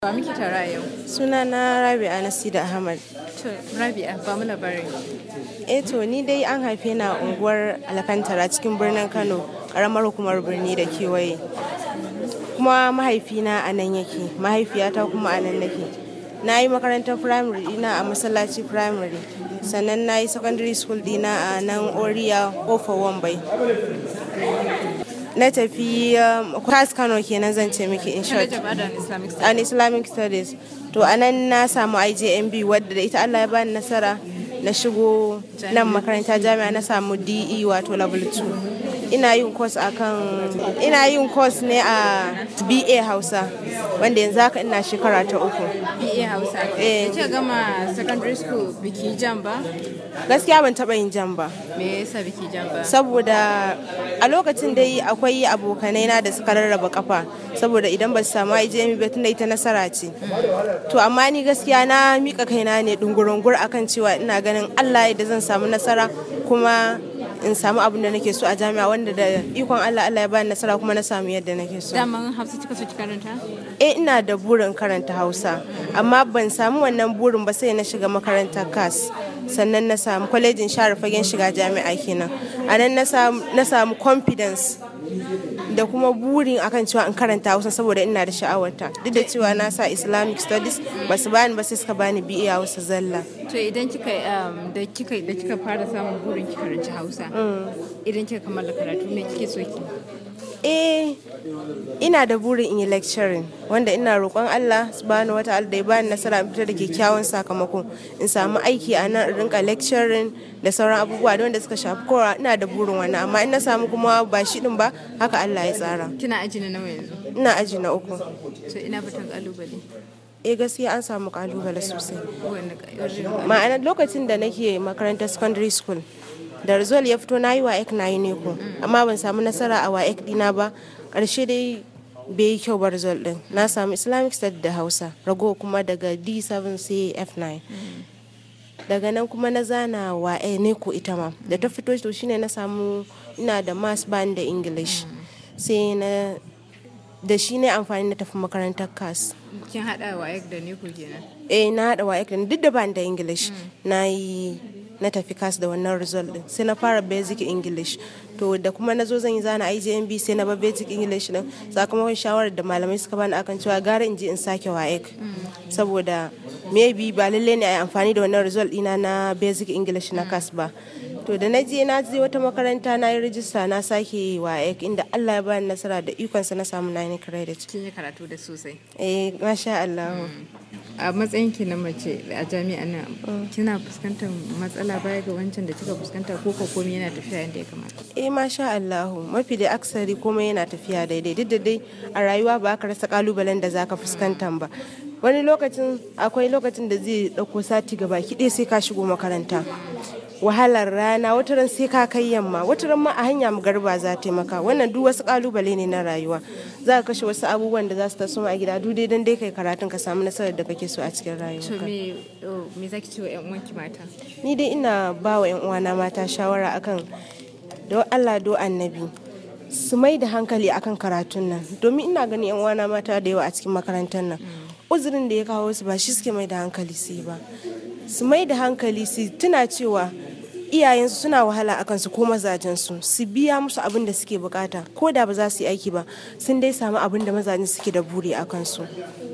Ba miki tara yau. Suna na Rabi'a Nasida Ahmad. To Rabi'a ba mu labarin. Eh to ni dai an haife na unguwar Alkantara cikin birnin Kano, karamar hukumar birni da kewaye. Kuma mahaifina a nan yake, mahaifiyata kuma a nan nake. Na yi makarantar firamare dina a masallaci firamare, sannan na yi secondary school dina a nan Oriya Kofa Wambai. na tafi Kras um, Kano kenan zan ce miki in short. An Islamic Studies. To a nan na samu IJMB wadda da ita Allah ya bani nasara na shigo nan makaranta jami'a na samu DE wato level 2. ina yin course akan ina yin course ne a BA Hausa wanda yanzu haka ina shekara ta uku BA Hausa eh kika gama secondary school biki jam ba gaskiya ban taba yin jam ba me yasa biki jam ba saboda a lokacin dai akwai abokanai na da suka rarraba kafa saboda idan ba su samu jami ba tunda ita nasara ce to amma ni gaskiya na mika kaina ne dungurungur akan cewa ina ganin Allah yadda zan samu nasara kuma in samu abin da nake so a jami'a wanda da ikon Allah Allah ya bani nasara kuma na samu yadda nake so. Daman Hausa kika so ki karanta? Eh ina da burin karanta Hausa amma ban samu wannan burin ba sai na shiga makarantar CAS sannan na samu kwalejin share fagen shiga jami'a kenan. A nan na samu confidence da kuma burin akan cewa in karanta hausa saboda ina da sha'awarta duk da cewa na sa islamic studies ba su bani ba sai suka bani bi'a hausa zalla to idan kika um, da kika da kika fara samun burin ki karanci hausa mm. idan kika kammala karatu me kike so ki Eh, ina da burin in yi lecturing wanda ina roƙon Allah subhanahu wata da ya bani nasara in fitar da kyakkyawan sakamako in samu aiki a nan in rinka lecturing da sauran abubuwa da wanda suka shafi kowa ina da burin wani amma in na samu kuma ba shi din ba haka Allah ya tsara. Kina aji na nawa yanzu? Ina aji na uku. So ina fitan kalubale. eh gaskiya an samu kalubale sosai ma'ana lokacin da nake makarantar secondary school da result ya fito na yi wa ek na yi ne ko amma ban samu nasara a wa ek dina ba ƙarshe dai bai yi kyau ba result din na samu islamic state da hausa rago kuma daga d7 sai f9 daga nan kuma na zana wa e ne ko ita ma da ta fito to shine na samu ina da mass ban da english sai na da shi ne amfani na tafi makarantar kas kin hada wa da ne ku kenan eh na hada wa da duk da ban da english mm. na yi na tafi kas da wannan result din sai na fara basic english to da kuma na zo zan yi zana ijmb sai na ba basic english din sakamakon shawarar da malamai suka bani akan cewa gara in je in sake waec saboda maybe ba lallai ne a yi amfani da wannan result dina na basic english na kas ba to da na je na je wata makaranta na yi rijista na sake wa e inda Allah ya bani nasara da ikonsa na samu 9 credit kin yi karatu da sosai eh masha Allah mm. a matsayin ki na mace a jami'a nan kina fuskantar matsala baya ga wancan da kika fuskanta ko ko komai yana tafiya yadda ya kamata eh masha Allah mafi da aksari komai yana tafiya daidai duk da dai a rayuwa ba ka rasa kalubalen da zaka fuskanta ba wani lokacin akwai lokacin da zai dauko sati gaba kiɗe sai ka shigo makaranta wahalar rana wataran sai ka kai yamma wataran ma a hanya garba za ta maka wannan duk wasu kalubale ne na rayuwa za ka kashe wasu abubuwan da za su taso a gida duk dai dai kai karatun ka samu nasarar da kake so a cikin rayuwa to me oh, me zaki ce wa ƴan uwanki mata ni dai ina ba wa ƴan uwana mata shawara akan do Allah do annabi su mai da hankali akan karatun nan domin ina ganin ƴan uwana mata da yawa a cikin makarantar nan uzurin da ya kawo su ba shi suke mai da hankali su ba su mai da hankali su tuna cewa iyayensu suna wahala akan su ko mazajensu su biya musu abin da suke bukata ko da ba za su yi aiki ba sun dai samu abin da mazajen suke da buri akan su